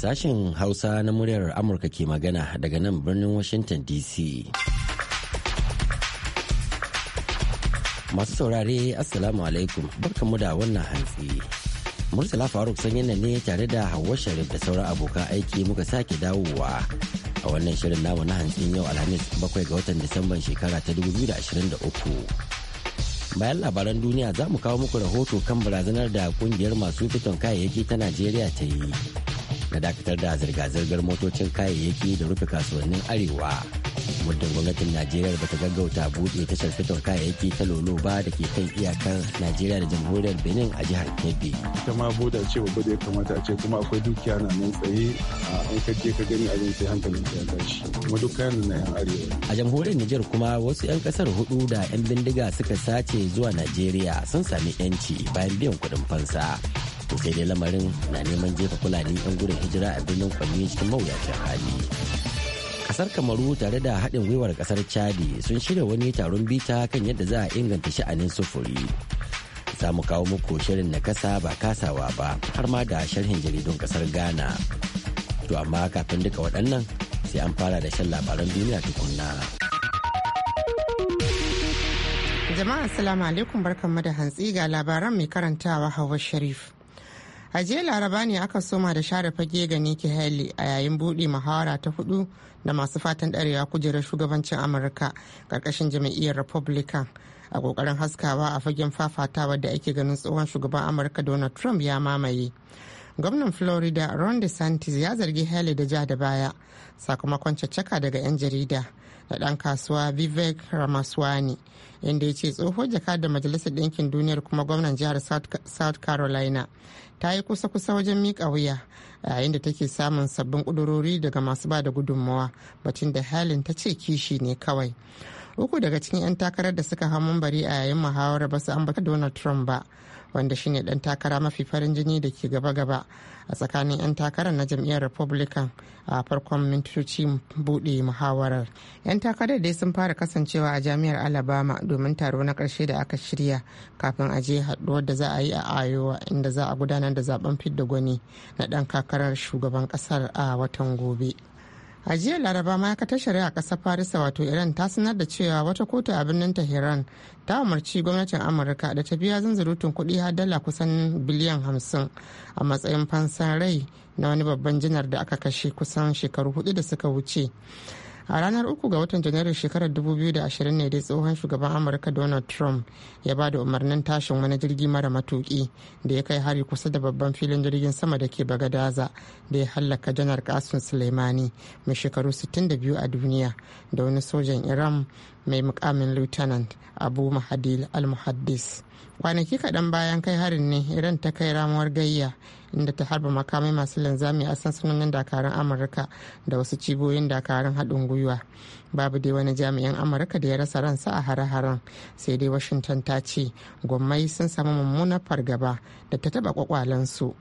Sashen Hausa na muryar Amurka ke magana daga nan birnin Washington DC. Masu saurare Assalamu alaikum mu da wannan hantsi. Murtala Faruk sanyi ne tare da Hauwa Sharif da sauran abokan aiki muka sake dawowa a wannan shirin namu na hantsin yau Alhamis bakwai ga watan Disamban shekara ta 2023. bayan labaran duniya za mu kawo muku rahoto kan barazanar da kungiyar masu fiton kayayyaki ta najeriya ta yi na dakatar da zirga-zirgar motocin kayayyaki da rufe kasuwannin arewa muddin gwamnatin najeriya bata gaggauta buɗe tashar fitar kayayyaki ta lolo ba da ke kan iyakar najeriya da jamhuriyar benin a jihar kebbi ita ma boda ce babba da ya kamata a ce kuma akwai dukiya na nan tsaye a an kaje ka gani abin sai hankalin ya tashi kuma duk kayan na yan arewa a jamhuriyar nijar kuma wasu yan kasar hudu da yan bindiga suka sace zuwa najeriya sun sami yanci bayan biyan kuɗin fansa ko kai dai lamarin na neman jefa fulani yan gudun hijira a birnin kwanni cikin mawuyacin hali kasar kamaru tare da haɗin gwiwar kasar chadi sun shirya wani taron bita kan yadda za a inganta sha'anin sufuri za mu kawo muku shirin na kasa ba kasawa ba har ma da sharhin jaridun kasar ghana to amma kafin duka waɗannan sai an fara da shan labaran duniya tukunna jama'a assalamu alaikum barkanmu da hantsi ga labaran mai karantawa hawa sharif a jiya laraba ne aka soma da share fage ga Nikki Haley a yayin buɗe muhawara ta hudu da masu fatan ɗarewa kujerar shugabancin Amurka ƙarƙashin jam'iyyar Republican. a kokarin haskawa a fagen fafatawa da ake ganin tsohon shugaban amurka donald trump ya mamaye gwamnan florida ron desantis ya zargi haley da ja da baya sakamakon caccaka daga 'yan jarida da ɗan kasuwa vivek ramaswani inda ya ce tsohon da majalisar ɗinkin duniyar kuma gwamnan jihar south carolina ta yi kusa-kusa wajen miƙa wuya yayin da take samun sabbin ƙudurori daga masu ba da gudunmawa batun da halin ta ce kishi ne kawai uku daga cikin 'yan takarar da suka hau bari a yayin muhawarar ba su ambata donald trump ba wanda shine dan takara mafi farin jini da ke gaba-gaba a tsakanin 'yan takarar na jam'iyyar republican a farkon mintoci buɗe muhawarar 'yan takarar dai sun fara kasancewa a jami'ar alabama domin taro na ƙarshe da aka shirya kafin a je haɗuwar da za a yi a ayowa inda za a gudanar da zaben fidda gwani na ɗan kakarar shugaban ƙasar a watan gobe. a jiya laraba ma'aikatar shari'a kasar farisa wato iran ta sanar da cewa wata kotu a birnin tehran ta umarci gwamnatin amurka da ta biya zanzurutun kudi har dala kusan biliyan hamsin a matsayin fansan rai na wani babban jinar da aka kashe kusan shekaru hudu da suka wuce a ranar uku ga watan janairun shekarar 2020 ne dai tsohon shugaban amurka donald trump ya ba da umarnin tashin wani jirgi mara matuki da ya kai hari kusa da babban filin jirgin sama da ke bagadaza da ya hallaka janar kasun suleimani mai shekaru 62 a duniya da wani sojan iran mai mukamin lieutenant abu mahadil al-muhaddis kwanaki kaɗan bayan kai harin ne iran ta kai ramuwar gayya inda ta harba makamai masu linzami a sansanonin dakarun amurka da wasu cibiyoyin dakarun haɗin gwiwa babu dai wani jami'in amurka da ya rasa ransa a hare-haren sai dai washington ta ce gwamnati sun samu mummunar fargaba da ta taɓa kwakwalensu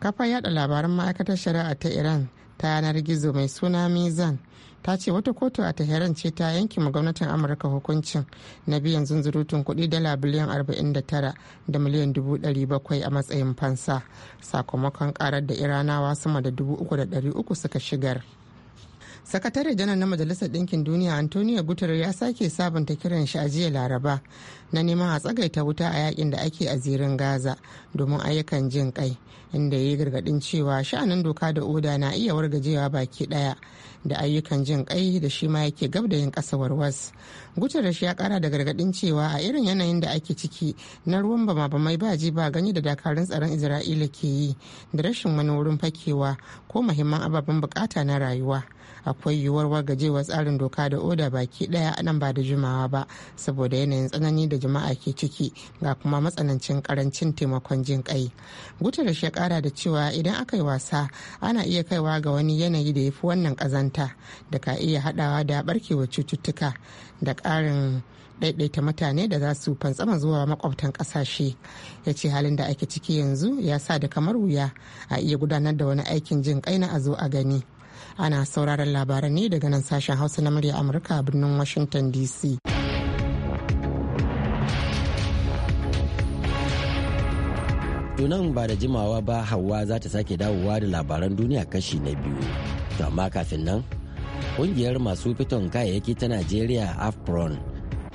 kafar yada labaran ma'aikatar shari'a ta iran ta yanar gizo mai suna mizan ta ce wata kotu a tehran ce ta yanke ma gwamnatin amurka hukuncin na biyan zunzurutun kuɗi dala biliyan 49 da miliyan 700 a matsayin fansa sakamakon karar da iranawa sama da 3,300 suka shigar sakatare janar na majalisar ɗinkin duniya antonio guterres ya sake sabunta kiran shi a jiya laraba na neman a tsagaita wuta a yakin da ake a zirin gaza domin ayyukan jin kai inda ya yi gargaɗin cewa sha'anin doka da oda na iya wargajewa baki ɗaya da ayyukan jin kai da shi ma yake gab da yin kasawar was guterres ya kara da gargaɗin cewa a irin yanayin da ake ciki na ruwan bama ba mai baji ba gani da dakarun tsaron isra'ila ke yi da rashin wani wurin fakewa ko muhimman ababen bukata na rayuwa akwai yiwuwar wargajewar tsarin doka da oda baki daya nan ba da jimawa ba saboda yanayin tsanani da jama'a ke ciki ga kuma matsanancin karancin taimakon jin kai guterres ya kara da cewa idan aka yi wasa ana iya kaiwa ga wani yanayi da ya fi wannan kazanta da ka iya hadawa da barkewar cututtuka da karin daidaita mutane da za su fantsama zuwa makwabtan kasashe ya ce halin da ake ciki yanzu ya sa da kamar wuya a iya gudanar da wani aikin jin kai na a zo a gani ana sauraron labaran ne daga nan sashen hausa na murya amurka a birnin washington dc sunan ba da jimawa ba hawa za ta sake dawowa da labaran duniya kashi na biyu to amma kafin nan kungiyar masu fiton kayayyaki ta najeriya afpron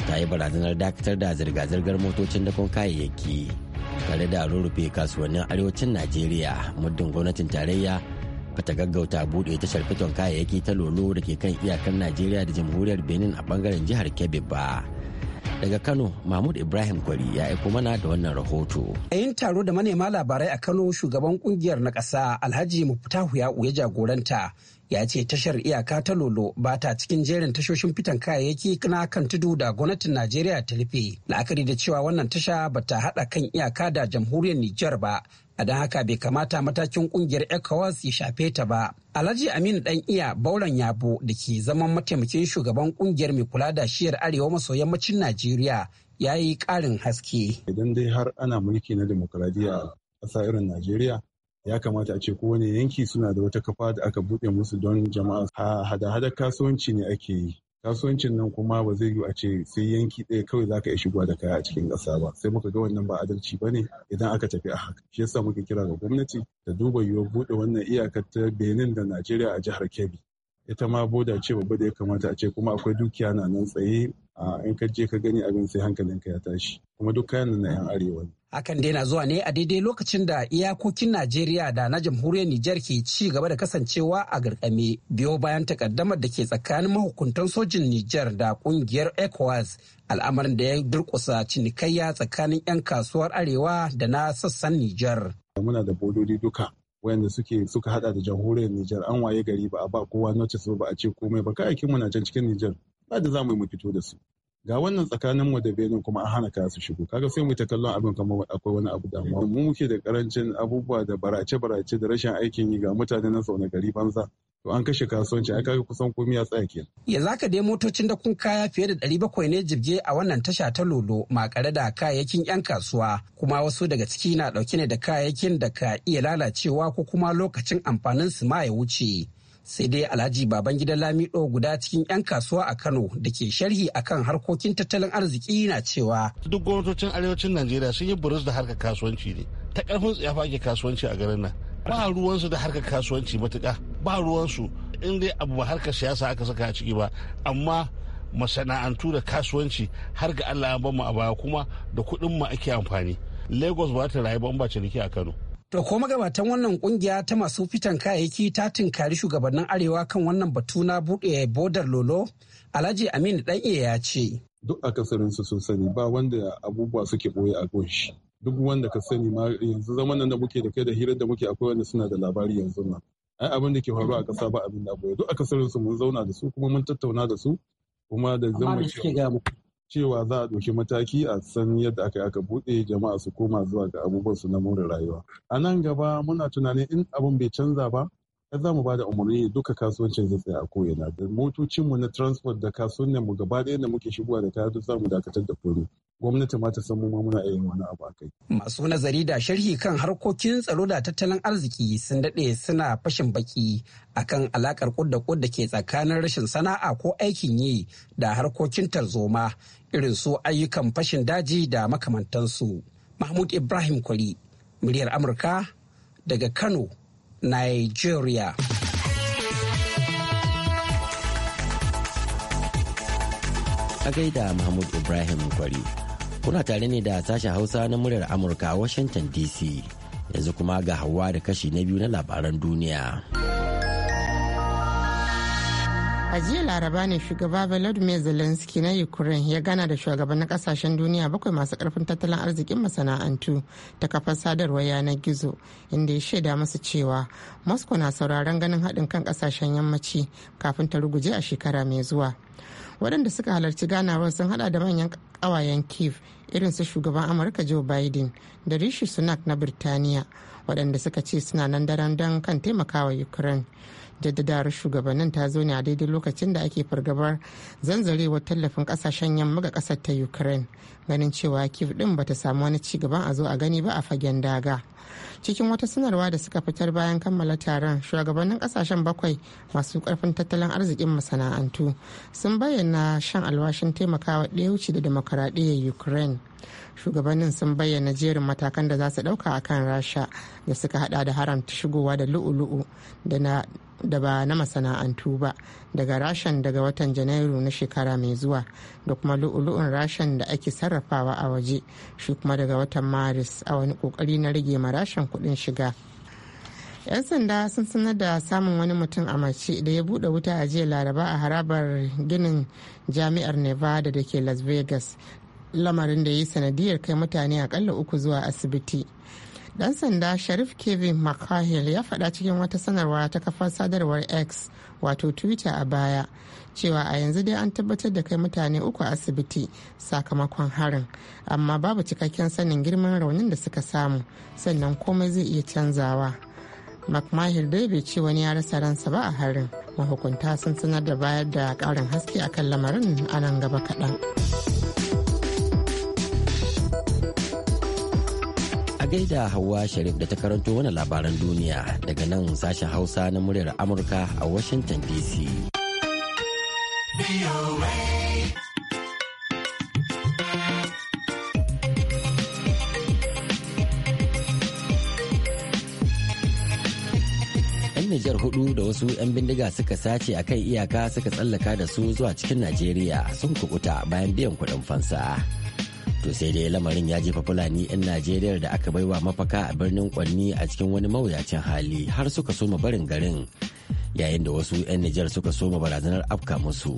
ta yi barazanar dakatar da zirga-zirgar motocin dakon kayayyaki tare da rurrufe kasuwannin arewacin najeriya muddin gwamnatin tarayya ta gaggauta buɗe tashar fiton kayayyaki ta lolo da ke kan iyakar najeriya da jamhuriyar benin a bangaren jihar kebbi ba daga kano mahmud ibrahim kwari ya aiko mana da wannan rahoto a yin taro da manema labarai a kano shugaban kungiyar na ƙasa alhaji muftahu ya jagoranta ya ce tashar iyaka ta lolo ba ta cikin jerin tashoshin fitan kayayyaki na kan tudu da gwamnatin najeriya ta rufe la'akari da cewa wannan tasha ba ta haɗa kan iyaka da jamhuriyar nijar ba a don haka bai kamata matakin kungiyar ecowas ya shafe ta ba alhaji aminu dan iya bauran yabo da ke zaman mataimakin shugaban kungiyar mai kula da shiyar arewa maso yammacin najeriya ya yi ƙarin haske idan dai har ana mulki na demokaradiyya a ƙasa irin najeriya ya kamata a ce kowane yanki suna da wata kafa da aka buɗe musu don jama'a hada hada kasuwanci ne ake yi kasuwancin nan kuma ba zai yiwu a ce sai yanki ɗaya kawai za ka iya shigowa da kaya a cikin ƙasa ba sai muka ga wannan ba adalci ba ne idan aka tafi a haka shi yasa muka kira ga gwamnati ta duba yiwuwar buɗe wannan iyakar ta benin da najeriya a jihar kebbi ita ma boda ce babba da ya kamata a ce kuma akwai dukiya na nan tsaye in ka je ka gani abin sai hankalinka ya tashi kuma duk kayan na yan arewa ne. Hakan dai na zuwa ne a daidai lokacin da iyakokin Najeriya da na jamhuriyar Nijar ke ci gaba da kasancewa a garkame biyo bayan takaddamar da ke tsakanin mahukuntan sojin Nijar da kungiyar ECOWAS al'amarin da ya durkusa cinikayya tsakanin 'yan kasuwar arewa da na sassan Nijar. Muna da bododi duka wayanda suke suka hada da jamhuriyar Nijar an waye gari ba a ba kowa notice ba a ce komai ba kai mu na can cikin Nijar ba da zamu mu fito da su ga wannan tsakanin mu da Benin kuma an hana kaya su shigo kaga sai mu ta kallon abin kamar akwai wani abu damuwa mu muke da karancin abubuwa da barace barace da rashin aikin yi ga mutane na zaune gari banza to an kashe kasuwanci an kaga kusan komai ya tsaya kenan ya ka dai motocin da kun kaya fiye da ɗari bakwai ne jirge a wannan tasha ta lolo makare da kayayyakin yan kasuwa kuma wasu daga ciki na ɗauke ne da kayayyakin da ka iya lalacewa ko kuma lokacin amfanin su ma ya wuce sai dai alhaji babangida lamido guda cikin 'yan kasuwa a kano da ke sharhi akan harkokin tattalin arziki na cewa duk gwamnatocin arewacin najeriya sun yi burus da harkar kasuwanci ne ta karfin tsayafa ke kasuwanci a garin nan ba ruwansu da harkar kasuwanci matuka ba ruwansu in dai abu ba harkar siyasa aka saka a ciki ba amma masana'antu da kasuwanci har ga allah ya mu a baya kuma da kuɗin mu ake amfani lagos ba ta rayu ba ciniki a kano To ko magabatan wannan kungiya ta masu fitan kayayyaki ta tinkari shugabannin arewa kan wannan batu na buɗe bodar lolo alhaji aminu dan iya ya ce. Duk akasarinsu sun sani ba wanda abubuwa suke boye a gunshi. Duk wanda ka sani ma yanzu zaman nan da muke da kai da hirar da muke akwai wanda suna da labari yanzu nan. ai abin da ke faru a ƙasa ba abin da abu duk akasarin su mun zauna da su kuma mun tattauna da su kuma da zama cewa za a ɗauki mataki a san yadda aka aka buɗe jama'a su koma zuwa ga abubuwan su na more rayuwa a nan gaba muna tunanin in abin bai canza ba ya za mu ba da umarni duka kasuwancin zai tsaya a ko'ina da motocinmu na transport da kasuwannin mu gaba ɗaya da muke shigowa da kaya duk za mu dakatar da kuri gwamnati ma ta san mu muna yin wani abu a kai. Masu nazari da sharhi kan harkokin tsaro da tattalin arziki sun daɗe suna fashin baki akan alakar kudda kudda ke tsakanin rashin sana'a ko aikin yi da harkokin tarzoma irin su ayyukan fashin daji da makamantansu. Mahmud Ibrahim Kwari, muryar Amurka daga Kano, Nigeria. a gaida Mahmud Ibrahim Gwari. Kuna tare ne da sashen Hausa na muryar Amurka a Washington DC. Yanzu kuma ga hawa da kashi na biyu na labaran duniya. A jiya laraba ne shugaba Volodymyr Zelensky na Ukraine ya gana da shugabannin kasashen duniya bakwai masu karfin tattalin arzikin masana'antu ta kafar sadarwar yanar gizo inda ya shaida masu cewa Moscow na sauraron ganin haɗin kan kasashen yammaci kafin ta ruguje a shekara mai zuwa. Waɗanda suka halarci ganawar sun hada da manyan ƙawayen Kiev irin su shugaban amurka joe biden da rishi sunak na birtaniya waɗanda suka ce suna nan daren don kan taimakawa ukraine jaddadawar shugabannin ta zo ne a daidai lokacin da ake fargabar zanzarewar tallafin kasashen yamma ga kasar ta ukraine ganin cewa kif din bata samu wani ci gaban a zo a gani ba a fagen daga cikin wata sanarwa da suka fitar bayan kammala taron shugabannin kasashen bakwai masu karfin tattalin arzikin masana'antu sun bayyana shan alwashin taimakawa ɗaya da demokaradiyyar ukraine shugabannin sun bayyana jerin matakan da za su ɗauka a kan rasha da suka hada da haramta shigowa da lu'u-lu'u da na da ba na masana'antu ba daga rashen daga watan janairu na shekara mai zuwa da kuma lu'ulu'un rashen da ake sarrafawa a waje shi kuma daga watan maris a wani kokari na rage ma rashin kuɗin shiga 'yan sanda sun sanar da samun wani mutum a mace da ya bude wuta a jiya laraba a harabar ginin jami'ar nevada da ke las vegas lamarin da ya yi sanadiyar kai mutane akalla uku zuwa asibiti dan sanda sharif kevin mccahill ya faɗa cikin wata sanarwa ta kafar sadarwar x wato twitter a baya cewa a yanzu dai an tabbatar da kai mutane uku a asibiti sakamakon harin amma babu cikakken sanin girman raunin da suka samu sannan komai zai iya canzawa mcmahill dai bai ce wani ya rasa ransa ba a harin mahukunta sun sanar da bayar da karin haske akan lamarin a nan gaba kaɗan. A da Hauwa Sharif da ta karanto wani labaran duniya daga nan sashen Hausa na muryar Amurka a Washington DC. Nijar hudu da wasu 'yan bindiga suka sace a kan iyaka suka tsallaka da su zuwa cikin Najeriya sun kukuta bayan biyan kudin fansa. to sai dai lamarin ya jefa fulani 'yan najeriya da aka bai wa mafaka a birnin kwanni a cikin wani mawuyacin hali har suka soma barin garin yayin da wasu 'yan nijar suka soma barazanar afka musu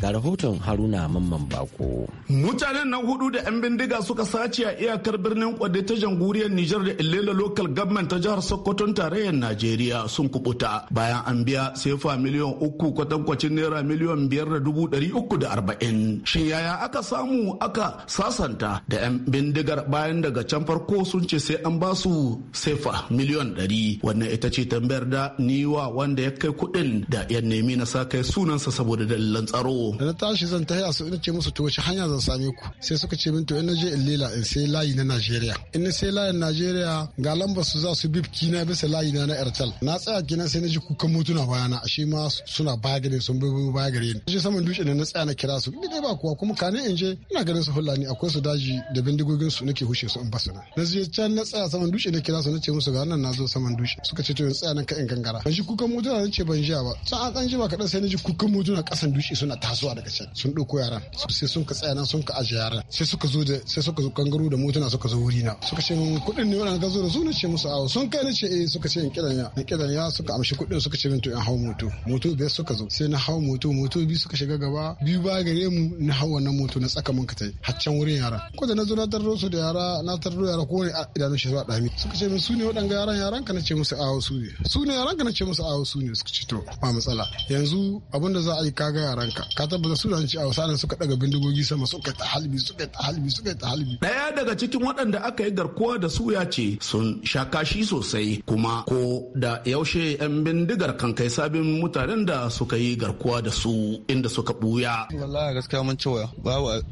ga rahoton haruna mamman bako mutanen nan hudu da 'yan bindiga suka sace a iyakar birnin kwade ta jamhuriyar nijar da illela local government ta jihar sokoton tarayyar najeriya sun kubuta bayan an biya sefa miliyan uku kwatankwacin naira miliyon biyar da dubu dari uku da arba'in shin yaya aka samu aka sasanta da 'yan bindigar bayan daga can farko sun ce sai an ba su sefa miliyon dari wannan ita ce tambayar da niwa wanda ya kai kuɗin da yan nemi na sa kai sunansa saboda dalilan tsaro da na tashi zan tahi su ina ce musu to wace hanya zan same ku sai suka ce min to ina je in lela in sai layi na Najeriya in na sai layin Najeriya ga lamba su za su bibki na bisa layi na na Airtel na tsaya gina sai na ji kukan mutuna bayana ashe ma suna baya gare sun bai baya gare ni je saman dutse ne na tsaya na kira su ni dai ba kuwa kuma kane in je ina ganin su ni akwai su daji da bindigogin su nake hushe su in basu na na je can na tsaya saman dutse na kira su na ce musu ga nan na zo saman dutse suka ce to in tsaya nan ka in gangara ban ji kukan mutuna na ce ban ji ba sai an kan ji ba kadan sai na ji kukan mutuna kasan dutse suna ta tasowa daga can sun ɗauko yaran sai sun ka tsaya nan sun ka aje yaran sai suka zo da sai suka zo kangaro da motuna suka zo wuri na suka ce min kuɗin ne wannan ka zo da su ce musu awo sun kai ne ce eh suka ce in kiran ya in kiran ya suka amshi kuɗin suka ce min to in hau moto moto biyar suka zo sai na hau moto moto biyu suka shiga gaba biyu ba gare mu na hau wannan moto na tsaka mun ka tai har can wurin yaran ko da na zo na tarro su da yara na tarro yara ko ne idanun shi zuwa dami suka ce min su ne waɗanga yaran yaran ka na ce musu awo su ne su ne yaran ka na ce musu awo su ne suka ce to ba matsala yanzu abinda za a yi kaga yaran ka na tabbata sunan ci a wasanin suka daga bindigogi sama suka ta halbi suka ta halbi suka ta halbi daya daga cikin waɗanda aka yi garkuwa da su ya ce sun sha kashi sosai kuma ko da yaushe yan bindigar kan kai sabin mutanen da suka yi garkuwa da su inda suka buya wallahi gaskiya mun ci waya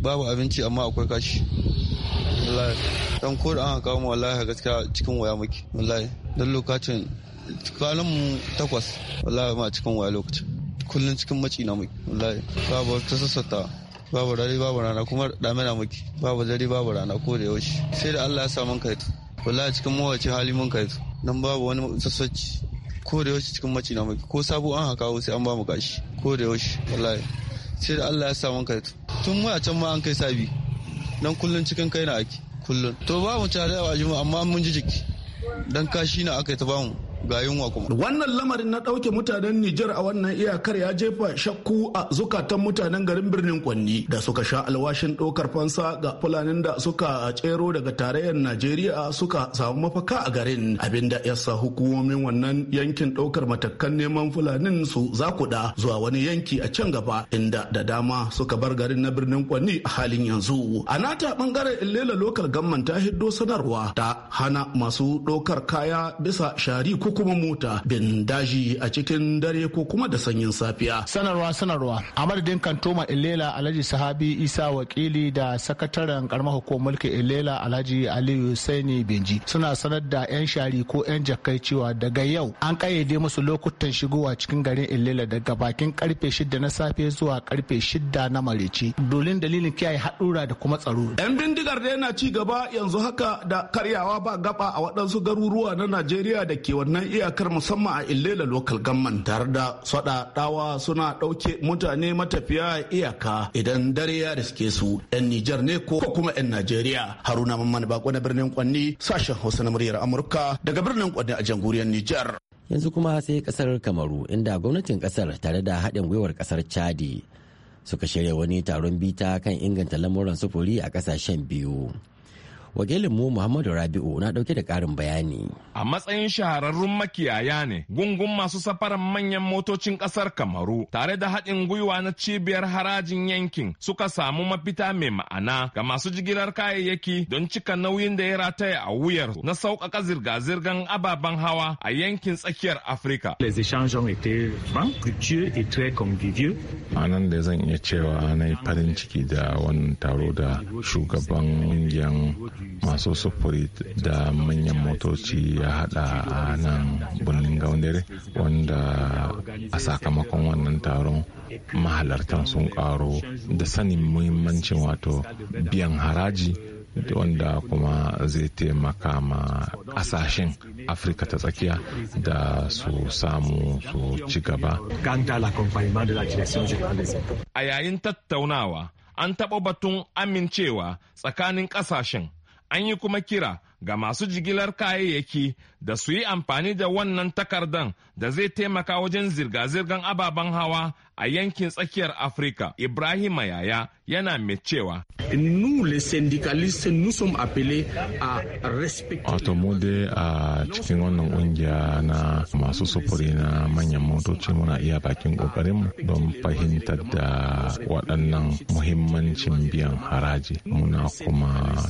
babu abinci amma akwai kashi wallahi dan ko da an kawo mu wallahi gaskiya cikin waya muke wallahi dan lokacin kwanan mu takwas wallahi ma cikin waya lokacin kullum cikin maci na muke wallahi babu wata sassata babu dare babu rana kuma na muke babu dare babu rana ko da yaushe sai da Allah ya sa mun kai wallahi cikin mawace hali mun kai nan babu wani sassaci ko da yaushe cikin maci na muke ko sabo an haka sai an ba mu gashi ko da yaushe wallahi sai da Allah ya sa mun kai tun a can ma an kai sabi nan kullum cikin kai na ake kullum to ba mu tare a juma'a amma mun ji jiki dan kashi na aka yi ta bamu ga yunwa kuma wannan lamarin na ɗauke mutanen Nijar a wannan iyakar ya jefa shakku a zukatan mutanen garin birnin Kwanni da suka sha alwashin ɗaukar fansa ga fulanin da suka tsero daga tarayyar Najeriya suka samu mafaka a garin abinda ya hukumomin wannan yankin ɗaukar matakan neman fulanin su za da zuwa wani yanki a can gaba inda da dama suka bar garin na birnin Kwanni a halin yanzu a nata ɓangaren illela lokal gamman ta hiddo sanarwa ta hana masu ɗaukar kaya bisa shari kuka. kuma mota bin daji a cikin dare ko kuma da sanyin safiya. Sanarwa sanarwa a madadin kantoma Ilela Alhaji Sahabi Isa Wakili da sakataren karamar hukumar mulki Ilela Alhaji Aliyu Saini Benji suna sanar da 'yan shari ko 'yan jakai cewa daga yau an kayyade musu lokutan shigowa cikin garin Ilela daga bakin karfe 6 na safe zuwa karfe 6 na maraice Dolin dalilin kiyaye haɗura da kuma tsaro. 'Yan bindigar da yana ci gaba yanzu haka da karyawa ba gaba a waɗansu garuruwa na Najeriya da ke wannan kan iyakar musamman a illela local gamman tare da swada suna ɗauke mutane matafiya iyaka idan dare ya riske su yan nijar ne ko kuma yan najeriya haruna mamman bako na birnin kwanni sashen hausa na muryar amurka daga birnin kwanni a jamhuriyar nijar yanzu kuma sai kasar kamaru inda gwamnatin kasar tare da haɗin gwiwar kasar chadi suka shirya wani taron bita kan inganta lamuran sufuri a kasashen biyu wakilinmu muhammadu rabi'u na ɗauke da ƙarin bayani a matsayin shahararrun makiyaya ne gungun masu safaran manyan motocin ƙasar kamaru tare da haɗin gwiwa na cibiyar harajin yankin suka samu mafita mai ma'ana ga masu jigilar kayayyaki don cika nauyin da ya rataya a wuyar na sauƙaƙa zirga zirgar ababen hawa a yankin tsakiyar afirka a nan da zan iya cewa na farin ciki da wannan taro da shugaban ƙungiyar masu sufuri da manyan motoci ya hada a nan birnin gaundare wanda a sakamakon wannan taron mahalartan sun karo da sanin muhimmancin wato biyan haraji wanda kuma zai taimaka ma kasashen afirka ta tsakiya da su samu su ci gaba a yayin tattaunawa an taɓa batun amincewa tsakanin ƙasashen an yi kuma kira ga masu jigilar kayayyaki da su yi amfani da wannan takardan da zai taimaka wajen zirga-zirgar ababen hawa a yankin tsakiyar Afirka Ibrahim Yaya yana mai cewa. Nu le syndicaliste nous sommes appelés à respecter. Wato mu de a cikin wannan kungiya na masu sufuri na manyan motoci muna iya bakin kokarin don fahimtar da waɗannan muhimmancin biyan haraji muna kuma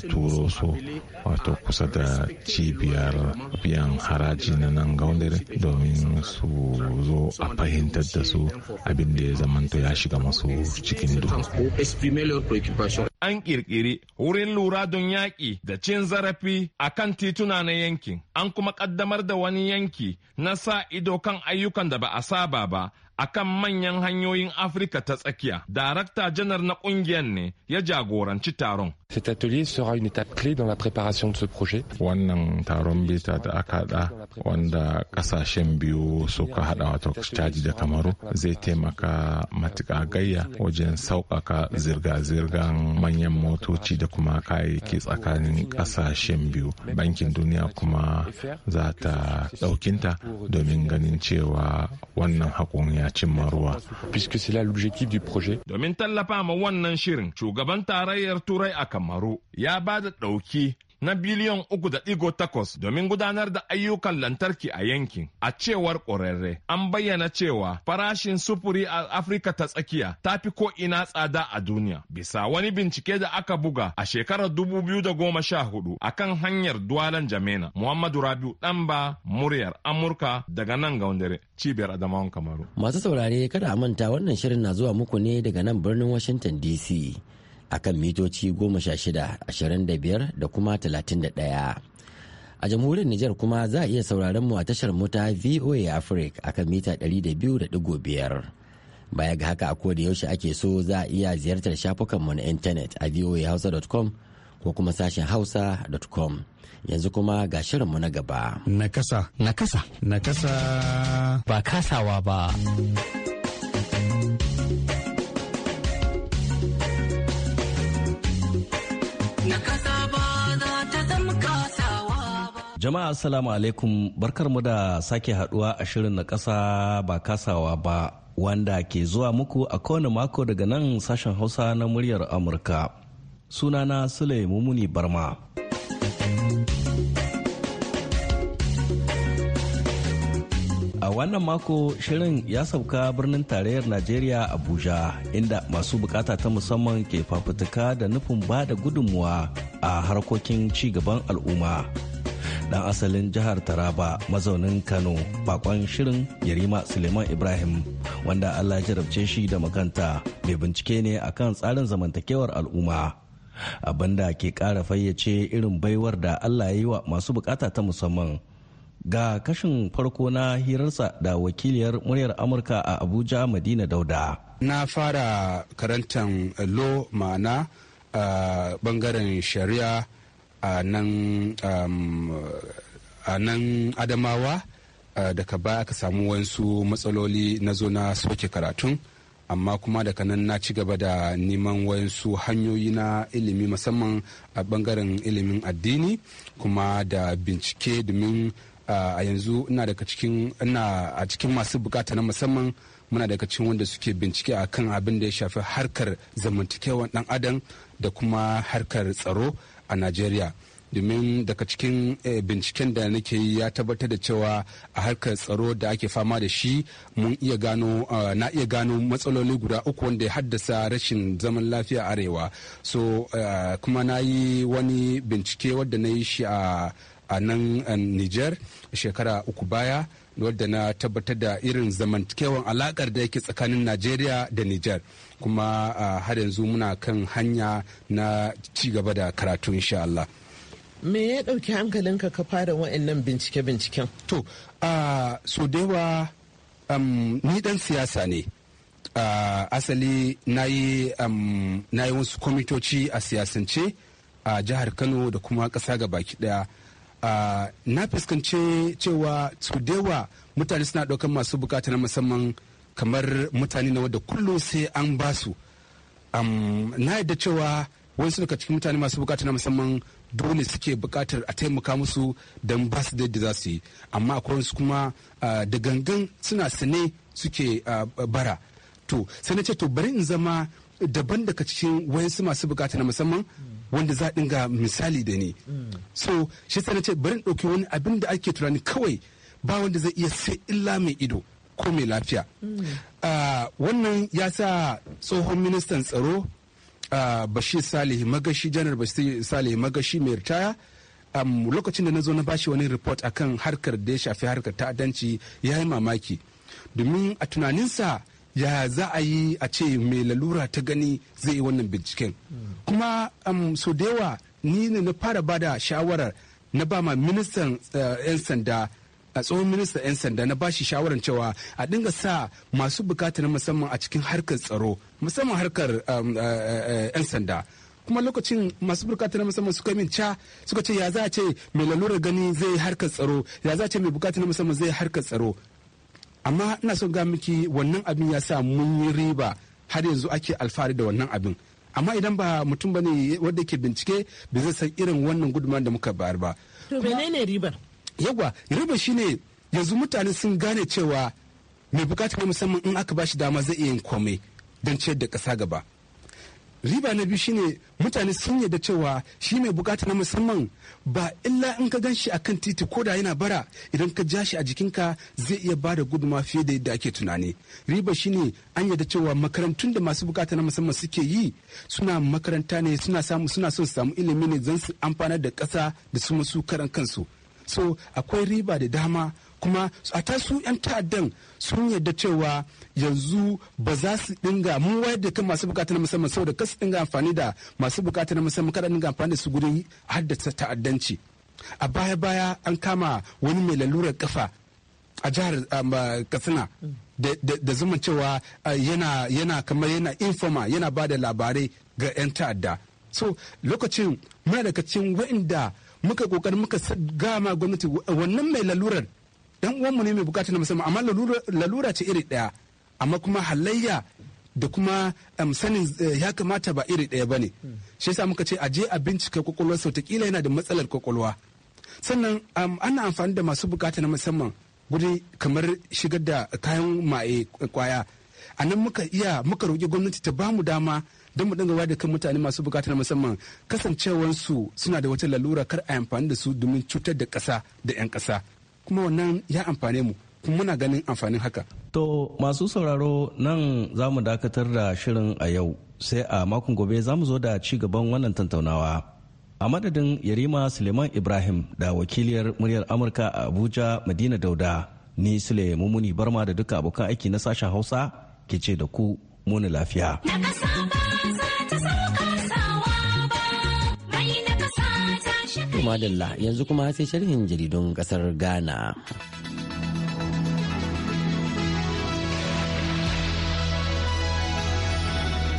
turo su wato kusa da cibiyar biyan haraji na nan gaundare domin su zo a fahimtar da su abin da ya zamanto ya shiga masu cikin duhu. An kirkiri wurin lura don yaƙi da cin zarafi a kan tituna na yankin, an kuma ƙaddamar da wani yanki na sa ido kan ayyukan da ba a saba ba a kan manyan hanyoyin Afirka ta tsakiya. Darakta janar na ƙungiyar ne ya jagoranci taron. Cet atelier sera une étape clé dans la préparation de ce projet. Wannan taron bita da aka hada wanda kasashen biyu suka hada wato Chad da Kamaru zai taimaka matuƙa gayya wajen sauƙaƙa zirga-zirgan manyan motoci da kuma kayayyaki tsakanin kasashen biyu. Bankin Duniya kuma za ta ɗaukinta domin ganin cewa wannan haƙon ya cimma ruwa. Puisque c'est là l'objectif du Domin tallafa ma wannan shirin, shugaban tarayyar Turai a Kamaru kamaru ya ba da ɗauki na biliyan uku da ɗigo takwas domin gudanar da ayyukan lantarki a yankin. A cewar ƙwararre, an bayyana cewa farashin sufuri a Afirka ta tsakiya ta fi ko ina tsada a duniya. Bisa wani bincike da aka buga a shekarar dubu biyu da goma sha hudu a kan hanyar Dualan Jamena, Muhammadu Rabiu Ɗanba, muryar Amurka daga nan ga wandare, cibiyar Adamawan Kamaru. Masu saurare kada a manta wannan shirin na zuwa muku ne daga nan birnin Washington DC. akan mitoci shida ashirin da kuma 31 a jamhuriyar Nijar kuma za a iya sauraron mu a tashar mota VOA Africa akan mita 200.5 baya ga haka a koda yaushe ake so za a iya ziyartar shafukanmu na intanet a voahausa.com ko kuma sashen hausa.com yanzu kuma ga shirinmu na gaba. Nakasa. Nakasa. Nakasa. Ba kasawa ba. Jama'a assalamu alaikum mu da sake haduwa a shirin na kasa ba kasawa ba wanda ke zuwa muku a kowane mako daga nan sashen hausa na muryar Amurka. Sunana Sule Mumuni Barma. a wannan mako shirin ya sauka birnin tarayyar najeriya abuja inda masu bukata ta musamman ke fafutuka da nufin bada da gudunmuwa a harkokin gaban al'umma dan asalin jihar taraba mazaunin kano bakon shirin yarima suleiman ibrahim wanda allah jarabce shi da makanta mai bincike ne akan tsarin zamantakewar al'umma abinda ke kara fayyace irin baiwar da allah ya yi wa masu bukata ta musamman ga kashin farko na hirarsa da wakiliyar muryar amurka a abuja madina dauda na fara karantar lo ma'ana ah, bangaren shari'a Um, a nan adamawa uh, daga baya aka samu wasu matsaloli na zo na soke karatun amma kuma daga nan na ci gaba da neman wasu hanyoyi na ilimi musamman a bangaren ilimin addini kuma da bincike domin uh, a yanzu ina daga cikin ina a cikin masu bukata na musamman muna daga cikin wanda suke bincike a kan abin da ya shafi harkar zamantakewan dan adam da kuma harkar tsaro a najeriya domin daga cikin eh, binciken da nake yi ya tabbatar da cewa a harkar tsaro da ake fama da shi mun iya gano na iya gano matsaloli guda uku wanda ya haddasa rashin zaman lafiya arewa so kuma na yi wani bincike wadda na yi shi a nan niger shekara uku baya wadda na tabbatar da irin zamantakewan alakar da yake tsakanin najeriya da niger kuma har yanzu muna kan hanya na ci gaba da karatu insha Allah. me ya ɗauki hankalinka ka fara wa'annan bincike-binciken to uh, so da yawa ni dan siyasa ne asali na yi wasu kwamitoci a siyasance a jihar kano da kuma ƙasa ga baki daya. na fuskance cewa su mutane suna ɗaukar masu bukata na musamman kamar mutane na wadda kullum sai an ba su na yadda cewa wasu daga cikin mutane masu bukata na musamman dole suke bukatar a taimaka musu don ba su da za su yi amma akwai wasu kuma da gangan suna sane suke bara to sai na ce to bari in zama daban daga cikin wayansu masu bukata na musamman wanda za dinga misali da ni so shi sai na ce bari in ɗauki wani abin da ake tunani kawai ba wanda zai iya sai illa mai ido ko mai lafiya ah, wannan ya sa tsohon ministan tsaro ah, bashir salihu magashi janar bashir salihu magashi mai ritaya lokacin da na zo na bashi wani report akan harkar da ya shafi harkar ta'addanci ya yi mamaki domin a tunaninsa ya za a yi a ce mai lalura ta gani zai yi wannan binciken kuma su so da yawa ni ne na fara bada shawarar na ba ma ministan eh, 'yan sanda a tsohon minista 'yan sanda na bashi shawarar cewa a dinga sa masu bukata na musamman a cikin harkar tsaro musamman harkar um, eh, eh, eh, 'yan sanda kuma lokacin masu bukata na musamman suka min ca suka ce ya za a ce mai lalurar gani zai harkar tsaro ya za a ce mai bukata na musamman zai harkar tsaro amma ina son ga miki wannan abin ya sa mun yi riba har yanzu ake alfahari da wannan abin amma idan ba mutum bane wanda ke bincike ba zai san irin wannan gudunmawar da muka bayar ba to menene ribar yawa riba shine yanzu mutane sun gane cewa mai bukatar na musamman in aka bashi dama zai iya yin komai don ciyar da kasa gaba riba na biyu shine mutane sun yarda cewa shi mai bukatar na musamman ba illa in ka gan shi a kan titi ko da yana bara idan ka ja shi a jikinka zai iya ba da guduma fiye da yadda ake tunani riba shine an yarda cewa makarantun da masu bukatar na musamman suke yi suna makaranta ne suna samu suna son su samu ilimi ne zan su amfana da ƙasa da su masu karan kansu so akwai riba da dama kuma a ta su 'yan ta'addan sun yarda cewa yanzu ba za su dinga mun wayar da kan masu bukata na musamman saboda kar su dinga amfani da masu bukata na musamman kada dinga amfani da su gudun haddasa ta'addanci a baya baya an kama wani mai lalurar kafa a jihar um, katsina da zama cewa yana kamar yana informa yana ba da labarai ga 'yan ta'adda so lokacin muna daga cikin waɗanda muka kokari muka gama gwamnati wannan mai lalurar dan uwanmu ne mai bukata na musamman amma lalura ce iri daya amma kuma halayya da kuma sanin eh, ya kamata ba iri daya bane shi yasa muka ce aje a bincika kwakwalwar sau kila yana da matsalar kwakwalwa sannan ana amfani da masu bukata na musamman guri kamar shigar da kayan maye eh, kwaya a nan muka iya muka roƙi gwamnati ta bamu dama don mu dinga wayar da kan mutane masu bukata na musamman kasancewansu suna da wata lalura kar a amfani da su domin cutar da ƙasa da 'yan ƙasa kuma wannan ya amfane mu kuma muna ganin amfanin haka. To masu sauraro nan za mu dakatar da shirin a yau sai a makon gobe za mu zo da ci gaban wannan tantaunawa. A madadin Yarima Suleiman Ibrahim da wakiliyar muryar Amurka a Abuja Madina Dauda ni Sule Mumuni Barma da duka abokan aiki na sashen Hausa ke ce da ku muni lafiya. madalla yanzu kuma sai sharhin jaridun kasar Ghana.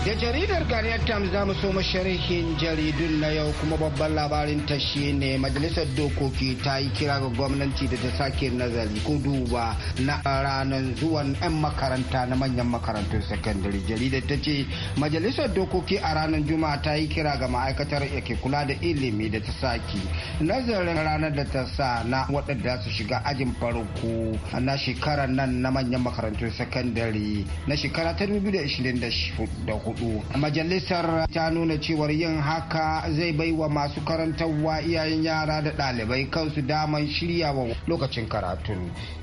Da jaridar Ghanaian Times za mu so masharihin jaridun na yau kuma babban labarin ta shi ne majalisar dokoki ta yi kira ga gwamnati da ta sake nazari ko duba na ranar zuwan 'yan makaranta na manyan makarantun sakandare. Jaridar ta ce majalisar dokoki a ranar juma'a ta yi kira ga ma'aikatar ke kula da ilimi da ta sake nazarin ranar da ta sa na waɗanda su shiga ajin farko na shekarar nan na manyan makarantun sakandare na shekara ta 2024 hudu majalisar ta nuna cewar yin haka zai bai wa masu karantarwa iyayen yara da ɗalibai kansu daman shiryawa lokacin karatu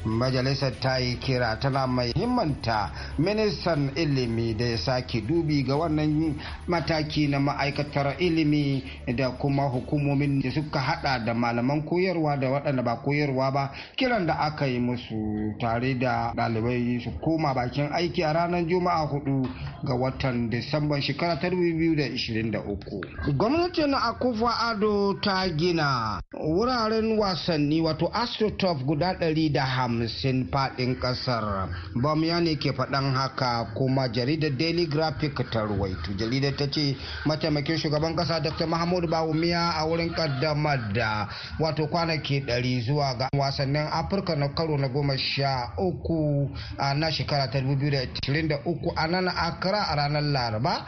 majalisar ta yi kira tana mai himmanta ministan ilimi da ya sake dubi ga wannan mataki na ma'aikatar ilimi da kuma hukumomin da suka hada da malaman koyarwa da waɗanda ba koyarwa ba kiran da aka yi musu tare da ɗalibai su koma bakin aiki a ranar juma'a hudu ga watan Disamban shekara ta 2023. Gwamnatin Akufa Ado ta gina wuraren wasanni wato AstroTurf guda 150 faɗin ƙasar. Bamiya ne ke faɗan haka kuma jaridar Daily Graphic ta ruwaito. Jaridar ta ce mataimakin shugaban ƙasa Dr. Mahmud Bawumiya a wurin ƙaddamar da wato kwanaki 100 zuwa ga wasannin Afirka na karo na goma sha uku na shekara ta 2023 a nan Accra a ranar laraba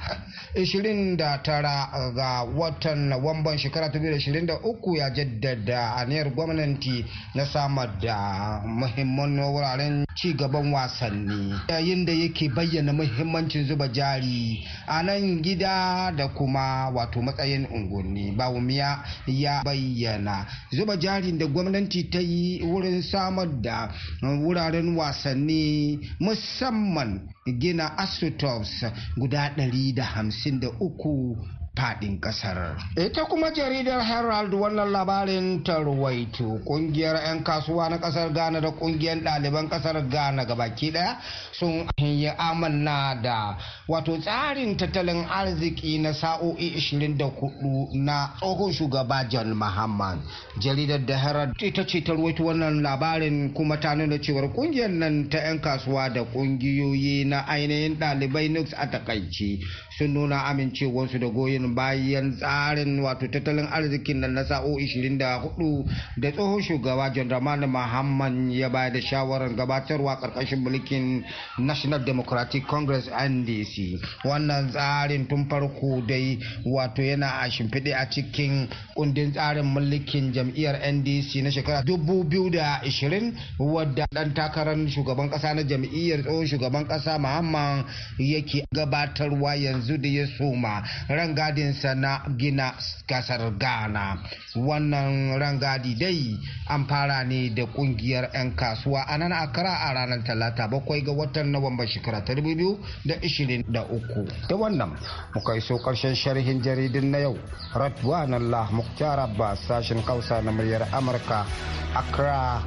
29 ga watan Nuwamban shekara 2023 ya jaddada niyar gwamnati na samar da muhimman wuraren ci gaban wasanni yayin da yake bayyana muhimmancin zuba jari a nan gida da kuma wato matsayin unguwanni bawumiya ya bayyana zuba jari da gwamnati ta yi wurin samar da wuraren wasanni musamman gina astroturfs guda 153 fadin kasar. Ita kuma jaridar Herald wannan labarin ta ruwaito kungiyar 'yan kasuwa na kasar Ghana da kungiyar ɗaliban kasar Ghana gabaki ɗaya sun yi amanna da wato tsarin tattalin arziki na sa'o'i 24 na tsohon shugaba John Muhammad. Jaridar da Herald ita ce ta ruwaito wannan labarin kuma ta nuna cewar kungiyar nan ta 'yan kasuwa da kungiyoyi na ainihin ɗalibai NUX a takaici sun nuna amincewarsu da goyon hamsin bayan tsarin wato tattalin arzikin nan na sa'o'i 24 da tsohon shugaba john dramani mahamman ya bayar da shawarar gabatarwa karkashin mulkin national democratic congress ndc wannan tsarin tun farko dai wato yana a shimfiɗe a cikin kundin tsarin mulkin jam'iyyar ndc na shekara 2020 wadda dan takarar shugaban kasa na jam'iyyar tsohon shugaban kasa mahamman yake gabatarwa yanzu da ya soma ranga rangadinsa na gina kasar ghana wannan rangadi dai an fara ne da kungiyar 'yan kasuwa a nan akara a ranar talata bakwai ga watan nuwamba shekara ta uku. da wannan muka iso karshen sharhin jaridin na yau radwan allah muktar abbas sashen kausa na muryar amurka accra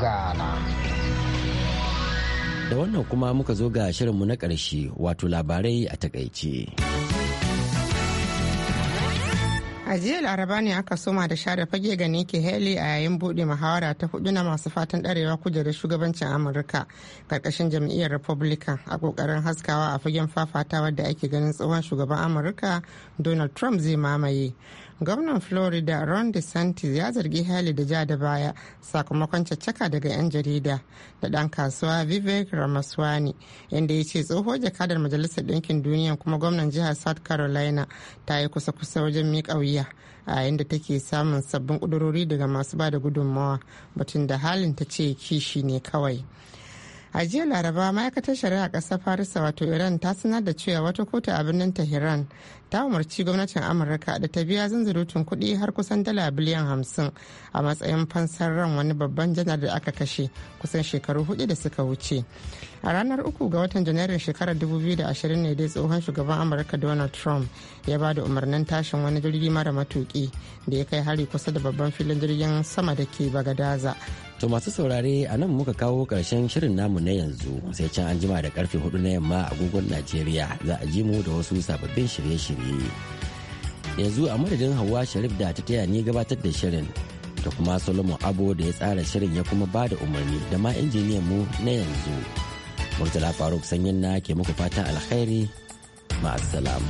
ghana da wannan kuma muka zo ga shirinmu na karshe wato labarai a takaice. a jiya laraba ne aka soma da share fage ga Nikki Haley a yayin bude muhawara ta hudu na masu fatan darewa kujerar shugabancin Amurka karkashin jam'iyyar Republican a kokarin haskawa a fagen fafatawar da ake ganin tsohon shugaban Amurka Donald Trump zai mamaye. gwamnan florida ron desantis ya zargi hali da ja da baya sakamakon caccaka daga 'yan jarida da ɗan kasuwa vivek ramaswani inda ya ce tsohon jakadar majalisar ɗinkin duniya kuma gwamnan jihar south carolina ta yi kusa-kusa wajen miƙa wuya a yayin da take samun sabbin ƙudurori daga masu bada da gudunmawa batun da halin ta ce kishi ne kawai a jiya laraba ma'aikatar shari'a ƙasar farisa wato iran ta sanar da cewa wata kotu a birnin tehran ta umarci gwamnatin amurka da ta biya zunzurutun kuɗi har kusan dala biliyan hamsin a matsayin fansar ran wani babban janar da aka kashe kusan shekaru hudu da suka wuce a ranar uku ga watan janairun shekarar 2020 ne dai tsohon shugaban amurka donald trump ya ba da umarnin tashin wani jirgi mara matuki da ya kai hari kusa da babban filin jirgin sama da ke bagadaza To masu saurare a nan muka kawo ƙarshen shirin namu na yanzu sai can an jima da karfe hudu na yamma a agogon Najeriya za a ji mu da wasu sababbin shirye-shirye. Yanzu a madadin Hauwa Sharif da ta taya ni gabatar da shirin da kuma Solomon Abo da ya tsara shirin ya kuma ba da umarni da ma injiniyan mu na yanzu. Murtala Faruk Sanyin na ke muku fatan alkhairi. salam.